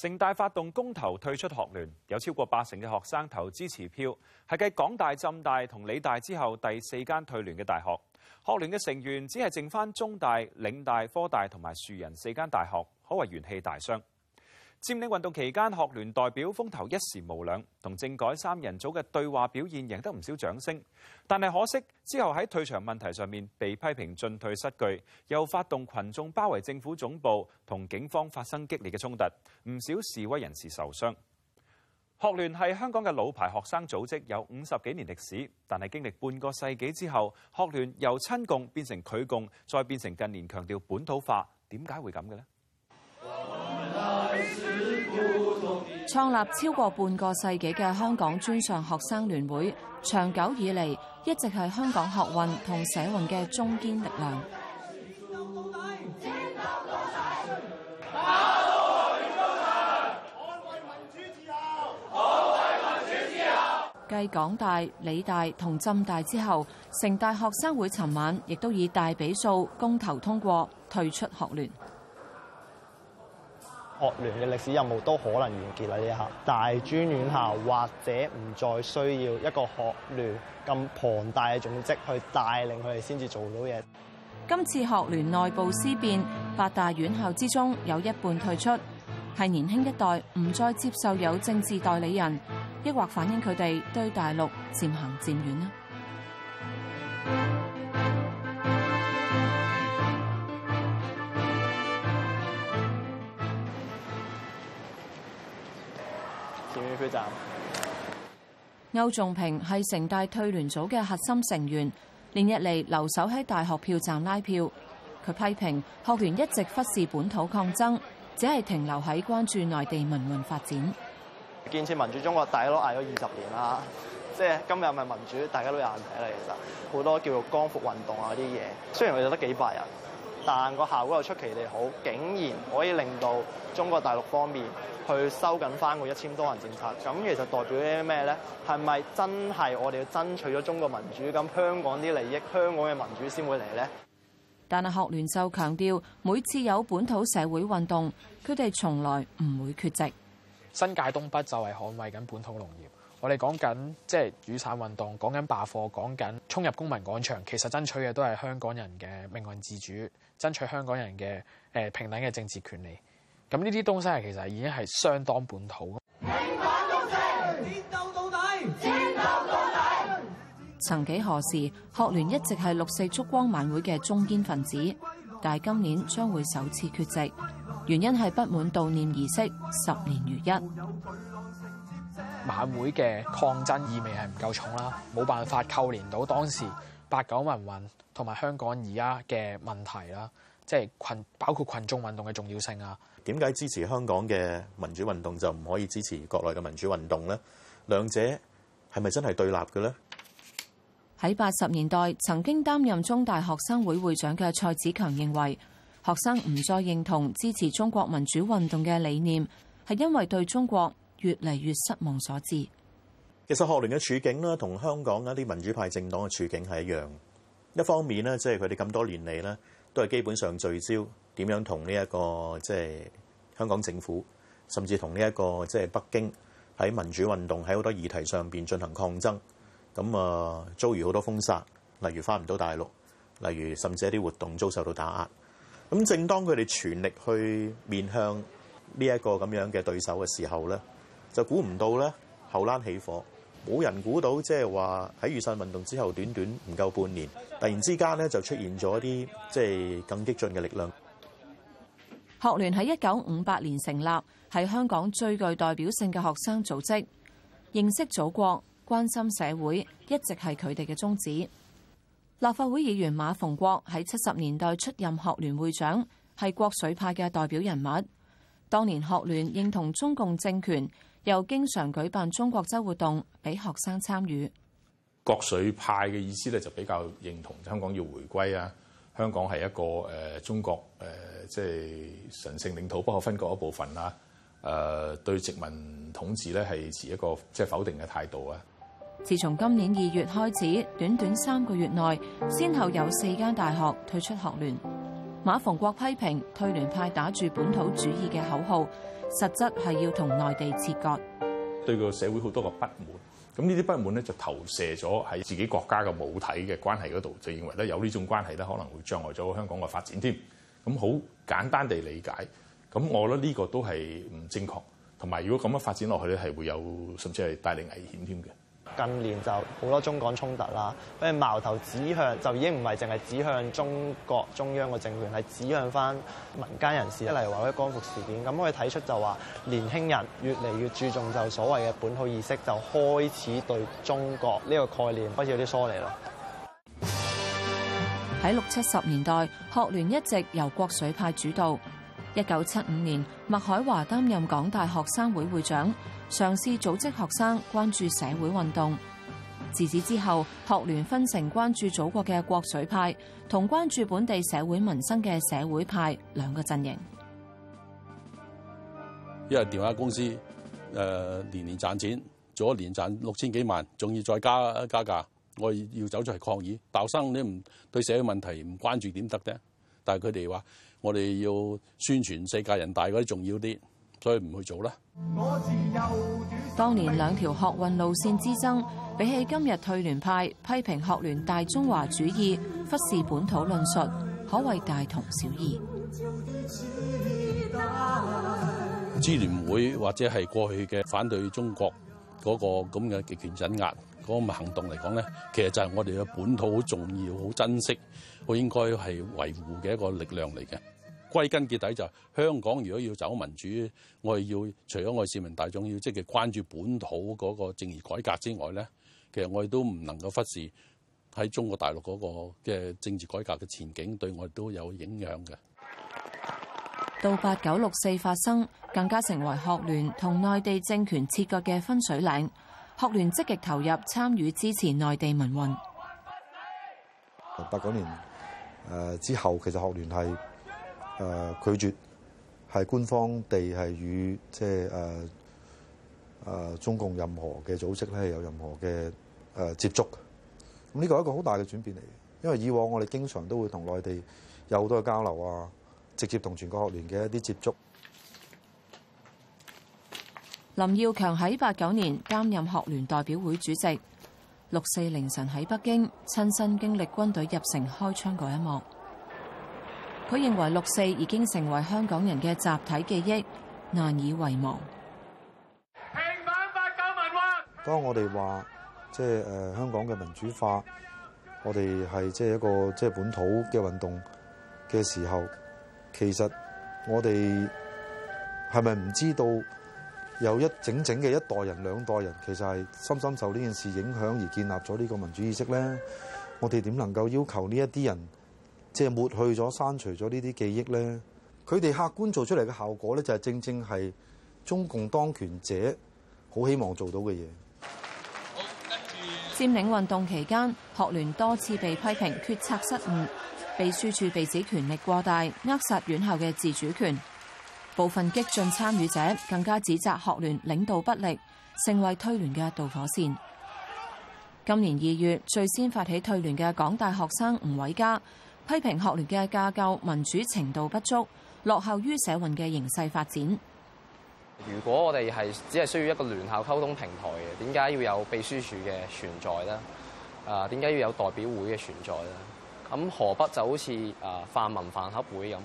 城大發動公投退出學聯，有超過八成嘅學生投支持票，係繼港大、浸大同理大之後第四間退聯嘅大學。學聯嘅成員只係剩翻中大、嶺大、科大同埋樹仁四間大學，可謂元氣大傷。佔領運動期間，學聯代表風頭一時無兩，同政改三人組嘅對話表現贏得唔少掌聲。但係可惜之後喺退場問題上面被批評進退失據，又發動群眾包圍政府總部，同警方發生激烈嘅衝突，唔少示威人士受傷。學聯係香港嘅老牌學生組織，有五十幾年歷史，但係經歷半個世紀之後，學聯由親共變成拒共，再變成近年強調本土化，點解會咁嘅呢？創立超過半個世紀嘅香港專上學生聯會，長久以嚟一直係香港學運同社運嘅中堅力量。繼港大、理大同浸大之後，城大學生會尋晚亦都以大比數公投通過退出學聯。學聯嘅歷史任務都可能完結啦！呢一刻，大專院校或者唔再需要一個學聯咁龐大嘅組織去帶領佢哋先至做到嘢。今次學聯內部思變，八大院校之中有一半退出，係年輕一代唔再接受有政治代理人，抑或反映佢哋對大陸漸行漸遠呢？前歐仲平係城大退聯組嘅核心成員，連日嚟留守喺大學票站拉票。佢批評學聯一直忽視本土抗爭，只係停留喺關注內地民運發展。建設民主中國，大家都捱咗二十年啦，即係今日係咪民主，大家都有眼睇啦。其實好多叫做光復運動啊啲嘢，雖然我哋得幾百人。但個效果又出奇地好，竟然可以令到中國大陸方面去收緊翻個一簽多行政策。咁其實代表啲咩呢？係咪真係我哋要爭取咗中國民主，咁香港啲利益、香港嘅民主先會嚟呢？但係學聯就強調，每次有本土社會運動，佢哋從來唔會缺席。新界東北就係捍衞緊本土農業。我哋講緊即係雨傘運動，講緊罷課，講緊衝入公民廣場，其實爭取嘅都係香港人嘅命運自主，爭取香港人嘅誒、呃、平等嘅政治權利。咁呢啲東西其實已經係相當本土。平等公平，戰鬥到底，戰鬥到底。曾幾何時，學聯一直係六四燭光晚會嘅中堅分子，但係今年將會首次缺席，原因係不滿悼念儀式，十年如一。晚會嘅抗爭意味係唔夠重啦，冇辦法扣連到當時八九民運同埋香港而家嘅問題啦。即係群包括群眾運動嘅重要性啊。點解支持香港嘅民主運動就唔可以支持國內嘅民主運動呢？兩者係咪真係對立嘅呢？喺八十年代曾經擔任中大學生會會長嘅蔡子強認為，學生唔再認同支持中國民主運動嘅理念，係因為對中國越嚟越失望所致。其實，學聯嘅處境咧，同香港一啲民主派政黨嘅處境係一樣。一方面咧，即係佢哋咁多年嚟咧，都係基本上聚焦點樣同呢一個即係、就是、香港政府，甚至同呢一個即係、就是、北京喺民主運動喺好多議題上邊進行抗爭。咁啊，遭遇好多封殺，例如返唔到大陸，例如甚至一啲活動遭受到打壓。咁，正當佢哋全力去面向呢一個咁樣嘅對手嘅時候咧，就估唔到咧，後欄起火，冇人估到，即係話，喺雨傘運動之後短短唔夠半年，突然之間咧，就出現咗一啲即係更激進嘅力量。學聯喺一九五八年成立，係香港最具代表性嘅學生組織。認識祖國關心社會一直係佢哋嘅宗旨。立法會議員馬逢國喺七十年代出任學聯會長，係國粹派嘅代表人物。當年學聯認同中共政權，又經常舉辦中國周活動俾學生參與。國粹派嘅意思咧就比較認同香港要回歸啊，香港係一個誒中國誒即係神聖領土不可分割一部分啦。誒、呃、對殖民統治咧係持一個即係、就是、否定嘅態度啊。自從今年二月開始，短短三個月內，先後有四間大學退出學聯。馬逢國批評，退聯派打住本土主義嘅口號，實質係要同內地切割，對個社會好多個不滿。咁呢啲不滿咧就投射咗喺自己國家嘅母體嘅關係嗰度，就認為咧有呢種關係咧可能會障礙咗香港嘅發展添。咁好簡單地理解，咁我覺得呢個都係唔正確，同埋如果咁樣發展落去咧，係會有，甚至係帶嚟危險添嘅。近年就好多中港衝突啦，因為矛頭指向就已經唔係淨係指向中國中央嘅政權，係指向翻民間人士，一例如話光復事件，咁可以睇出就話年輕人越嚟越注重就所謂嘅本土意識，就開始對中國呢個概念開始有啲疏離咯。喺六七十年代，學聯一直由國粹派主導。一九七五年，麥海華擔任港大學生會會長，嘗試組織學生關注社會運動。自此之後，學聯分成關注祖國嘅國粹派同關注本地社會民生嘅社會派兩個陣營。因為電話公司誒、呃、年年賺錢，做一年賺六千幾萬，仲要再加加價，我要走出嚟抗議。大學生你唔對社會問題唔關注點得啫？但係佢哋話。我哋要宣傳世界人大嗰啲重要啲，所以唔去做啦。當年兩條學運路線之爭，比起今日退聯派批評學聯大中華主義、忽視本土論述，可謂大同小異。支聯會或者係過去嘅反對中國嗰個咁嘅極權鎮壓，嗰個行動嚟講咧，其實就係我哋嘅本土好重要、好珍惜，好應該係維護嘅一個力量嚟嘅。歸根結底就係，香港，如果要走民主，我哋要除咗我哋市民大眾要積極關注本土嗰個，個政治改革之外咧，其實我哋都唔能夠忽視喺中國大陸嗰個嘅政治改革嘅前景對我哋都有影響嘅。到八九六四發生，更加成為學聯同內地政權切割嘅分水嶺。學聯積極投入參與支持內地民運。八九年誒，之後，其實學聯係誒拒絕係官方地係與即係誒誒中共任何嘅組織咧係有任何嘅誒接觸。咁呢個係一個好大嘅轉變嚟，因為以往我哋經常都會同內地有好多嘅交流啊，直接同全國學聯嘅一啲接觸。林耀強喺八九年擔任學聯代表會主席。六四凌晨喺北京親身經歷軍隊入城開槍嗰一幕，佢認為六四已經成為香港人嘅集體記憶，難以遺忘。平反八九民運。當我哋話即係誒香港嘅民主化，我哋係即係一個即係、就是、本土嘅運動嘅時候，其實我哋係咪唔知道？有一整整嘅一代人、兩代人，其實係深深受呢件事影響而建立咗呢個民主意識咧。我哋點能夠要求呢一啲人，即係抹去咗、刪除咗呢啲記憶咧？佢哋客觀做出嚟嘅效果咧，就係正正係中共當權者好希望做到嘅嘢。佔領運動期間，學聯多次被批評決策失誤，秘書處被指權力過大，扼殺院校嘅自主權。部分激進參與者更加指責學聯領導不力，成為退聯嘅導火線。今年二月最先發起退聯嘅港大學生吳偉嘉批評學聯嘅架構民主程度不足，落後於社運嘅形勢發展。如果我哋係只係需要一個聯校溝通平台嘅，點解要有秘書處嘅存在呢？啊，點解要有代表會嘅存在呢？咁河北就好似啊泛民飯盒會咁。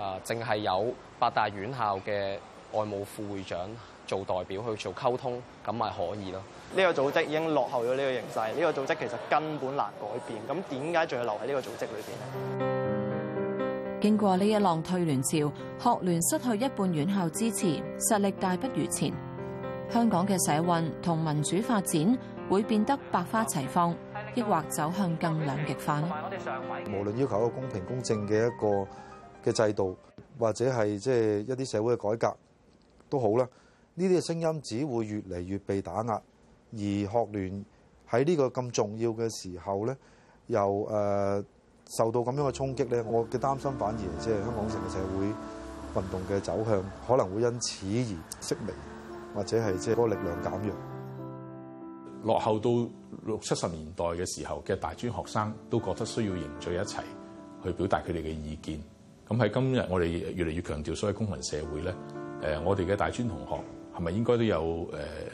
啊！淨係有八大院校嘅外務副會長做代表去做溝通，咁咪可以咯？呢個組織已經落後咗呢個形勢，呢、呢個組織其實根本難改變。咁點解仲要留喺呢個組織裏邊呢？經過呢一浪退聯潮，學聯失去一半院校支持，實力大不如前。香港嘅社運同民主發展會變得百花齊放，抑或走向更兩極化咧？無論要求一個公平公正嘅一個嘅制度，或者係即係一啲社會嘅改革都好啦。呢啲嘅聲音只會越嚟越被打壓，而學聯喺呢個咁重要嘅時候咧，又誒、呃、受到咁樣嘅衝擊咧。我嘅擔心反而即係香港成個社會運動嘅走向可能會因此而熄微，或者係即係個力量減弱，落後到六七十年代嘅時候嘅大專學生都覺得需要凝聚一齊去表達佢哋嘅意見。咁喺今日，我哋越嚟越強調所謂公民社會咧，誒我哋嘅大專同學，係咪應該都有誒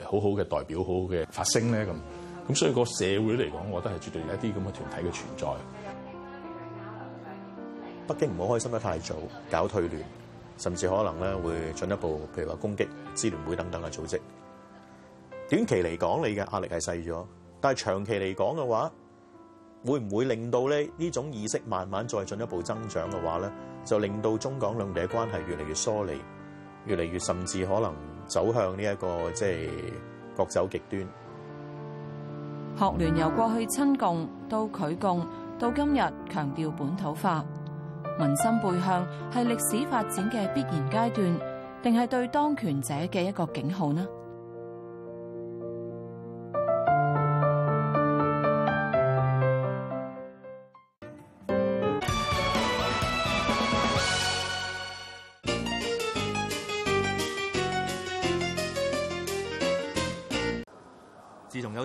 好好嘅代表、好好嘅發聲咧？咁，咁所以個社會嚟講，我覺得係絕對有一啲咁嘅團體嘅存在。北京唔好開心得太早，搞退聯，甚至可能咧會進一步，譬如話攻擊支聯會等等嘅組織。短期嚟講，你嘅壓力係細咗，但係長期嚟講嘅話。會唔會令到呢種意識慢慢再進一步增長嘅話咧，就令到中港兩地嘅關係越嚟越疏離，越嚟越甚至可能走向呢、這、一個即係各走極端。學聯由過去親共到拒共，到今日強調本土化，民心背向係歷史發展嘅必然階段，定係對當權者嘅一個警號呢？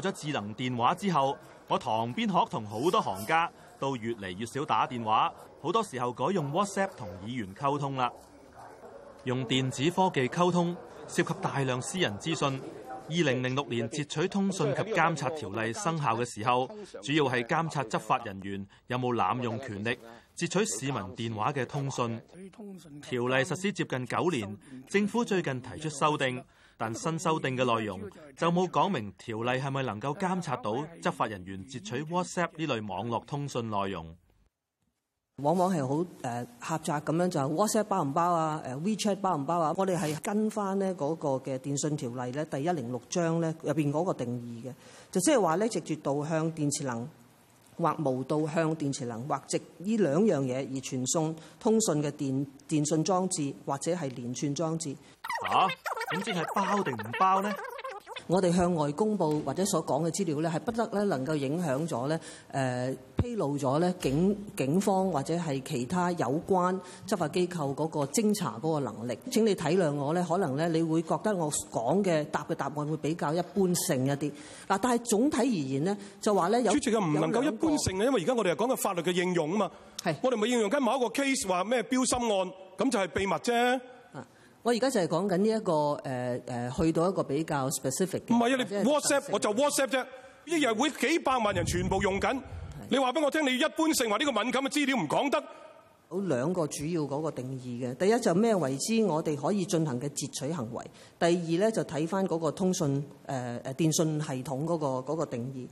咗智能電話之後，我堂邊鶴同好多行家都越嚟越少打電話，好多時候改用 WhatsApp 同議員溝通啦。用電子科技溝通涉及大量私人資訊。二零零六年截取通訊及監察條例生效嘅時候，主要係監察執法人員有冇濫用權力截取市民電話嘅通訊。條例實施接近九年，政府最近提出修訂。但新修訂嘅內容就冇講明條例係咪能夠監察到執法人員截取 WhatsApp 呢類網絡通訊內容，往往係好誒狹窄咁樣，就 WhatsApp 包唔包啊？誒 WeChat 包唔包啊？我哋係跟翻呢嗰個嘅電訊條例咧第一零六章咧入邊嗰個定義嘅，就即係話咧直接導向電磁能。或無導向電磁能或藉呢兩樣嘢而傳送通訊嘅電電訊裝置或者係連串裝置吓，究竟係包定唔包呢？我哋向外公布或者所講嘅資料咧，係不得咧能夠影響咗咧誒披露咗咧警警方或者係其他有關執法機構嗰個偵查嗰個能力。請你體諒我咧，可能咧你會覺得我講嘅答嘅答案會比較一般性一啲。嗱，但係總體而言咧，就話咧有主席就唔能夠一般性嘅，因為而家我哋係講緊法律嘅應用啊嘛。係是，我哋咪應用緊某一個 case 話咩標心案，咁就係秘密啫。我而家就係講緊呢一個誒誒、呃、去到一個比較 specific 嘅。唔係啊，的你 WhatsApp 我就 WhatsApp 啫，一日會幾百萬人全部用緊。的你話俾我聽，你一般性話呢個敏感嘅資料唔講得。有兩個主要嗰個定義嘅，第一就咩為之我哋可以進行嘅截取行為，第二咧就睇翻嗰個通訊誒誒電信系統嗰、嗰個嗰個定義。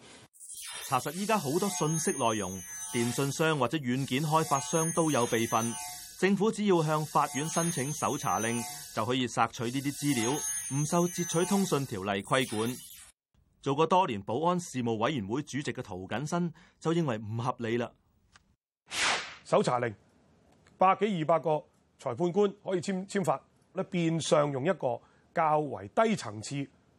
查實依家好多信息內容，電信商或者軟件開發商都有備份。政府只要向法院申請搜查令就可以索取呢啲資料，唔受截取通訊條例規管。做過多年保安事務委員會主席嘅涂謹申就認為唔合理啦。搜查令，百幾二百個裁判官可以簽簽發咧變相用一個較為低層次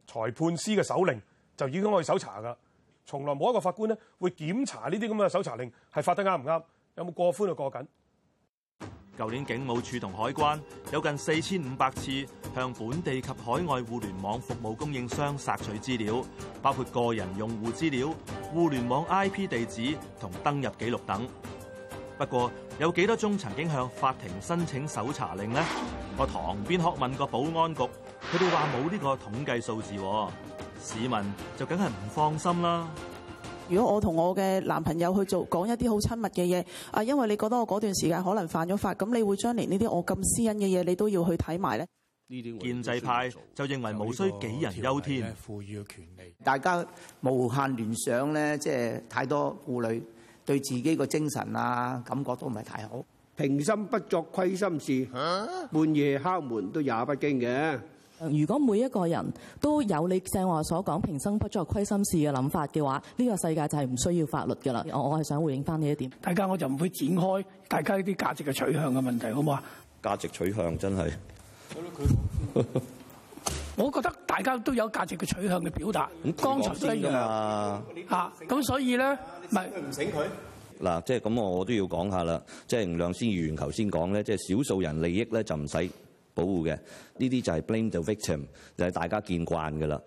裁判司嘅手令就已經可以搜查噶，從來冇一個法官咧會檢查呢啲咁嘅搜查令係發得啱唔啱，有冇過寬就過緊？舊年警務處同海關有近四千五百次向本地及海外互聯網服務供應商索取資料，包括個人用戶資料、互聯網 IP 地址同登入記錄等。不過，有幾多宗曾經向法庭申請搜查令呢？我堂邊學問過保安局，佢哋話冇呢個統計數字，市民就梗係唔放心啦。如果我同我嘅男朋友去做，講一啲好親密嘅嘢，啊，因為你覺得我嗰段時間可能犯咗法，咁你會將嚟呢啲我咁私隱嘅嘢，你都要去睇埋咧？呢啲建制派就認為無需杞人憂天。賦予權利，大家無限聯想咧，即係太多顧慮，對自己個精神啊感覺都唔係太好。平心不作虧心事，半夜敲門都也不驚嘅。如果每一個人都有你正話所講平生不作虧心事嘅諗法嘅話，呢個世界就係唔需要法律嘅啦。我我係想回應翻呢一點，大家我就唔會展開大家呢啲價值嘅取向嘅問題，好唔好啊？價值取向真係， 我覺得大家都有價值嘅取向嘅表達。咁點講先㗎嘛？咁、啊、所以咧，唔佢？嗱是，即係咁，我都要講下啦。即係梁先議員頭先講咧，即係少數人利益咧就唔使，保護嘅呢啲就係 blame the victim 就係大家見慣嘅啦。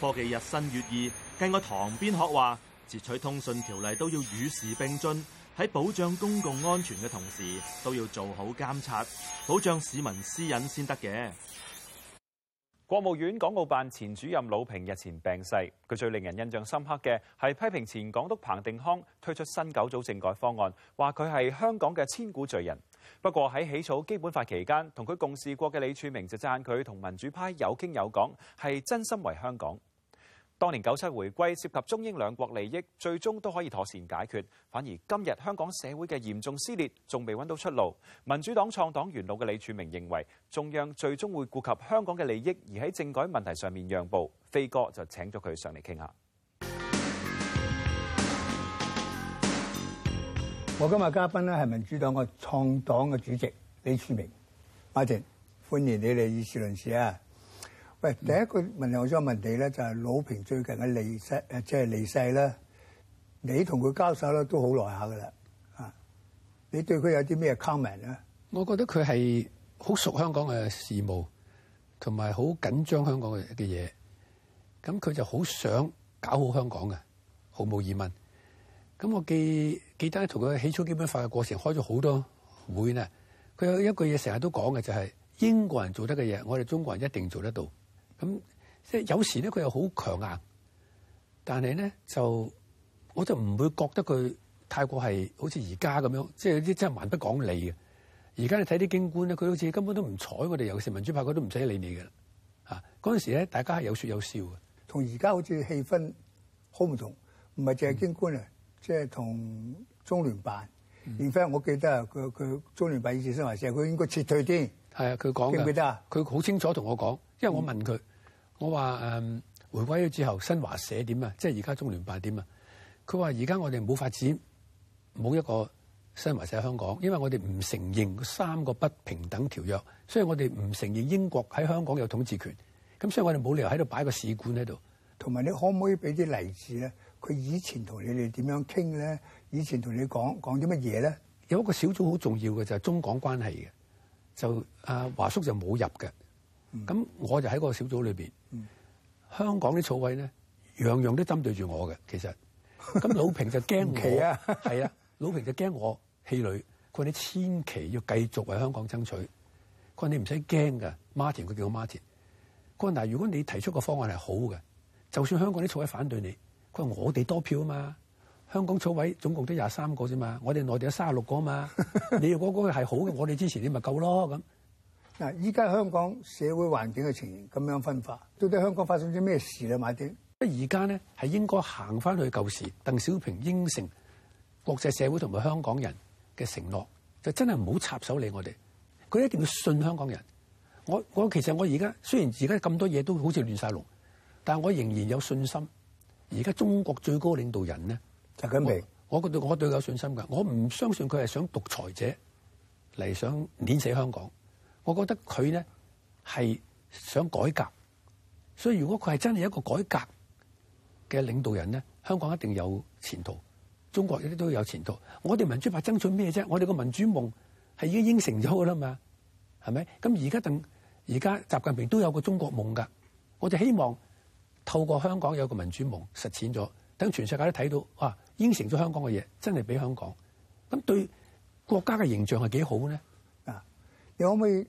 科技日新月異，聽我堂邊鶴話，截取通訊條例都要與時並進，喺保障公共安全嘅同時，都要做好監察，保障市民私隱先得嘅。國務院港澳辦前主任魯平日前病逝，佢最令人印象深刻嘅係批評前港督彭定康推出新九組政改方案，話佢係香港嘅千古罪人。不過喺起草基本法期間，同佢共事過嘅李柱銘就讚佢同民主派有傾有講，係真心為香港。當年九七回歸涉及中英兩國利益，最終都可以妥善解決，反而今日香港社會嘅嚴重撕裂，仲未揾到出路。民主黨創黨元老嘅李柱銘認為，中央最終會顧及香港嘅利益，而喺政改問題上面讓步。飛哥就請咗佢上嚟傾下。我今日嘉賓咧係民主黨個創黨嘅主席李柱銘，Martin，歡迎你哋議事論事啊！喂，第一個問題我想問你咧，就係魯平最近嘅離世，即係離世咧，你同佢交手咧都好耐下噶啦，啊！你對佢有啲咩 comment 咧？我覺得佢係好熟香港嘅事務，同埋好緊張香港嘅嘅嘢，咁佢就好想搞好香港嘅，毫無疑問。咁我記記得同佢起草基本法嘅過程，開咗好多會呢，佢有一句嘢成日都講嘅就係英國人做得嘅嘢，我哋中國人一定做得到。咁即係有時咧，佢又好強硬，但係咧就我就唔會覺得佢太過係好似而家咁樣，即係啲真係蠻不講理嘅。而家你睇啲京官咧，佢好似根本都唔睬我哋，有時民主派佢都唔使理你嘅啦。啊，嗰陣時咧，大家係有說有笑嘅，同而家好似氣氛好唔同，唔係淨係京官啊。嗯即係同中聯辦，連翻、嗯、我記得啊，佢佢中聯辦以前新華社，佢應該撤退啲。係啊，佢講嘅記唔記得啊？佢好清楚同我講，因為我問佢，嗯、我話誒、嗯、回歸咗之後，新華社點啊？即係而家中聯辦點啊？佢話而家我哋冇發展，冇一個新華社喺香港，因為我哋唔承認三個不平等條約，所以我哋唔承認英國喺香港有統治權，咁所以我哋冇理由喺度擺個使館喺度。同埋你可唔可以俾啲例子咧？佢以前同你哋點樣傾咧？以前同你講講啲乜嘢咧？有一個小組好重要嘅就係、是、中港關係嘅，就阿華、啊、叔就冇入嘅。咁、嗯、我就喺個小組裡邊，嗯、香港啲草委咧樣樣都針對住我嘅。其實，咁老平就驚我係 奇怪啊, 啊，老平就驚我氣餒。佢話你千祈要繼續為香港爭取。佢話你唔使驚嘅，Martin 佢叫我 Martin。佢話嗱，如果你提出個方案係好嘅，就算香港啲草委反對你。佢話：我哋多票啊嘛，香港草委總共得廿三個啫嘛，我哋內地有卅六個啊嘛。你如果嗰個係好嘅，我哋支持你咪夠咯咁。嗱，依家香港社會環境嘅情形咁樣分化，到底香港發生咗咩事咧？買點？即而家咧，係應該行翻去舊時，鄧小平應承國際社會同埋香港人嘅承諾，就真係唔好插手理我哋。佢一定要信香港人。我我其實我而家雖然而家咁多嘢都好似亂晒龍，但係我仍然有信心。而家中國最高領導人咧，習近平，我，我對我對佢有信心㗎。我唔相信佢係想獨裁者嚟想碾死香港。我覺得佢咧係想改革，所以如果佢係真係一個改革嘅領導人咧，香港一定有前途。中國一定都有前途。我哋民主派爭取咩啫？我哋個民主夢係已經應承咗㗎啦嘛，係咪？咁而家等而家習近平都有個中國夢㗎。我就希望。透過香港有個民主夢實踐咗，等全世界都睇到哇，應承咗香港嘅嘢真係俾香港咁，對國家嘅形象係幾好咧？啊，你可唔可以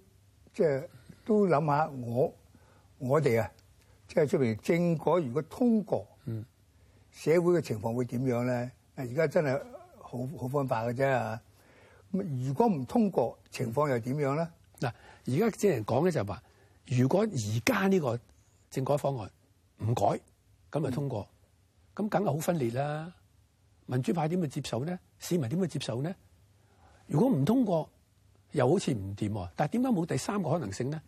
即係、就是、都諗下我我哋啊，即係出面政改如果通過，嗯，社會嘅情況會點樣咧？啊，而家真係好好分化嘅啫啊。咁如果唔通過，情況又點樣咧？嗱、啊，而家啲人講咧就係話，如果而家呢個政改方案，唔改咁咪通過，咁梗係好分裂啦！民主派點會接受咧？市民點會接受咧？如果唔通過，又好似唔掂喎。但係點解冇第三個可能性咧？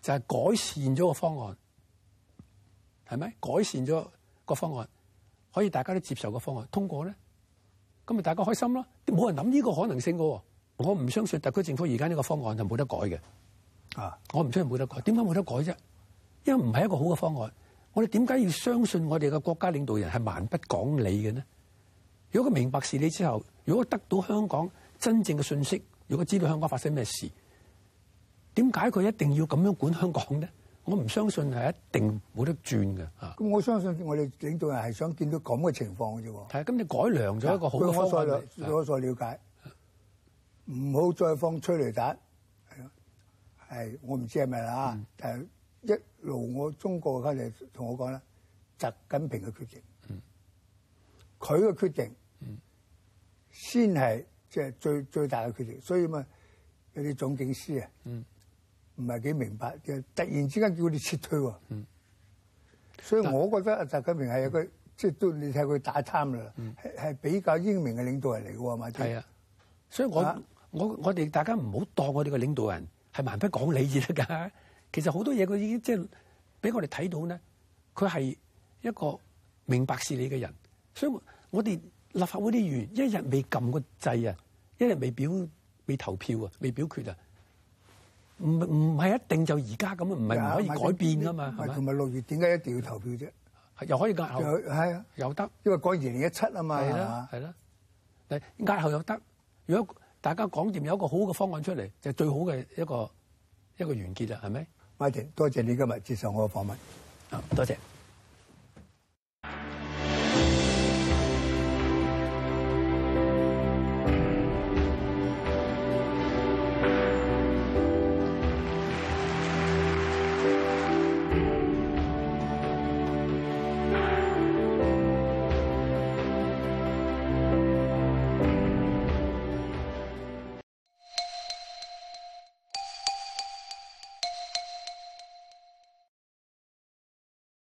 就係改善咗個方案，係咪改善咗個方案可以大家都接受個方案通過咧？咁咪大家開心咯！冇人諗呢個可能性噶，我唔相信特區政府而家呢個方案就冇得改嘅。啊，我唔相信冇得改。點解冇得改啫？因為唔係一個好嘅方案。我哋點解要相信我哋嘅國家領導人係蠻不講理嘅呢？如果佢明白事理之後，如果得到香港真正嘅信息，如果知道香港發生咩事，點解佢一定要咁樣管香港呢？我唔相信係一定冇得轉嘅吓。咁我相信我哋領導人係想見到咁嘅情況嘅啫。係，咁你改良咗一個好嘅方法。我所了解，唔好是是再放催淚彈。係我唔知係咪啦。嗯一路我中國嘅家同我講啦，習近平嘅決定，佢嘅、嗯、決定、嗯、先係即係最最大嘅決定，所以嘛，有啲總警司啊，唔係幾明白嘅，嗯、突然之間叫佢哋撤退，嗯、所以我覺得啊，習近平係一個、嗯、即係都你睇佢打貪啦，係、嗯、比較英明嘅領導人嚟嘅嘛，係、嗯、即啊，所以我、啊、我我哋大家唔好當我哋嘅領導人係蠻不講理至得㗎。其實好多嘢佢已經即係俾我哋睇到咧，佢係一個明白事理嘅人，所以我哋立法會啲員，一日未撳個掣啊，一日未表未投票啊，未表決啊，唔唔係一定就而家咁啊，唔係唔可以改變噶嘛，同埋六月點解一定要投票啫？又可以押後，係啊的，又得，的因為講二零一七啊嘛，係啦的，係啦的，押後又得，如果大家講掂，有一個好嘅方案出嚟，就係、最好嘅一個一個完結啦，係咪？Martin，多謝你今日接受我嘅訪問，啊，多謝。